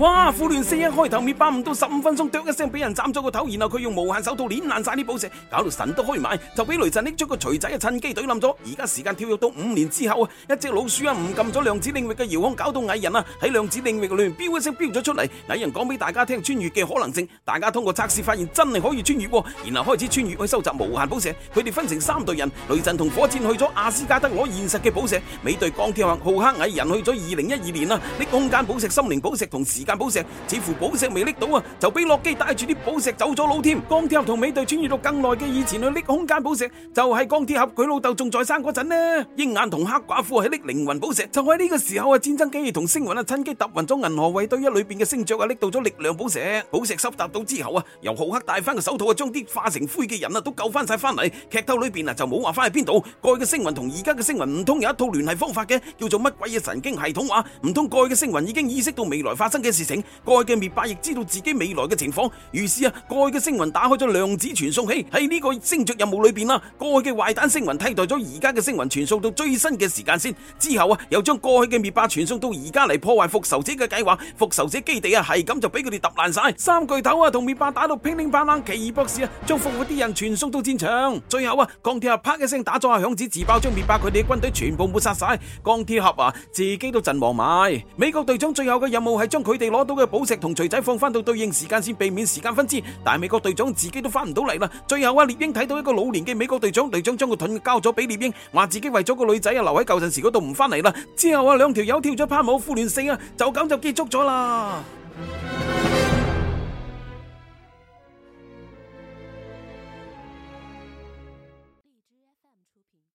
哇！婦聯四一開頭滅霸唔到十五分鐘，啄一聲俾人斬咗個頭，然後佢用無限手套碾爛晒啲寶石，搞到腎都虛埋，就俾雷神拎咗個錘仔啊趁機懟冧咗。而家時間跳躍到五年之後啊，一隻老鼠啊誤撳咗量子領域嘅遙控，搞到蟻人啊喺量子領域裏面飆一聲飆咗出嚟。蟻人講俾大家聽穿越嘅可能性，大家通過測試發現真係可以穿越喎，然後開始穿越去收集無限寶石。佢哋分成三隊人，雷神同火箭去咗阿斯加德攞現實嘅寶石，美隊、鋼鐵俠、浩克、蟻人去咗二零一二年啊，拎空間寶石、心靈寶石同時寶石，似乎寶石未拎到啊，就俾洛基帶住啲寶石走咗佬添。鋼鐵俠同美隊穿越到更耐嘅以前去拎空間寶石，就係鋼鐵俠佢老豆仲在生嗰陣咧。鷹眼同黑寡婦喺拎靈魂寶石，就喺呢個時候啊，戰爭機器同星雲啊趁機揼暈咗銀河護衛隊1裏邊嘅星爵啊拎到咗力量寶石。寶石收集到之後啊，由浩克帶翻個手套啊，將啲化成灰嘅人啊都救翻晒翻嚟。劇透裏邊啊就冇話翻去邊度。過去嘅星雲同而家嘅星雲唔通有一套聯繫方法嘅？叫做乜鬼嘢神經系統話？唔通過去嘅星雲已經意識到未來發生嘅事？事情過去嘅滅霸亦知道自己未來嘅情況，於是啊，過去嘅星雲打開咗量子傳送器喺呢個星爵任務裡邊啦。過去嘅壞蛋星雲替代咗而家嘅星雲傳送到最新嘅時間線，之後啊，又將過去嘅滅霸傳送到而家嚟破壞復仇者嘅計劃。復仇者基地啊，係咁就俾佢哋揼爛晒。三巨頭啊同滅霸打到砰呤嗙啷，奇異博士啊將復活啲人傳送到戰場，最後啊，鋼鐵俠啪一聲打咗下響指，自爆，將滅霸佢哋嘅軍隊全部抹殺晒。鋼鐵俠啊，自己都陣亡埋。美國隊長最後嘅任務係將佢哋。攞到嘅寶石同錘仔放翻到對應時間線，避免時間分支。但係美國隊長自己都翻唔到嚟啦。最後啊，獵鷹睇到一個老年嘅美國隊長，隊長將個盾交咗俾獵鷹，話自己為咗個女仔啊留喺舊陣時嗰度唔翻嚟啦。之後啊，兩條友跳咗 part 舞，婦聯4啊，就咁就結束咗啦。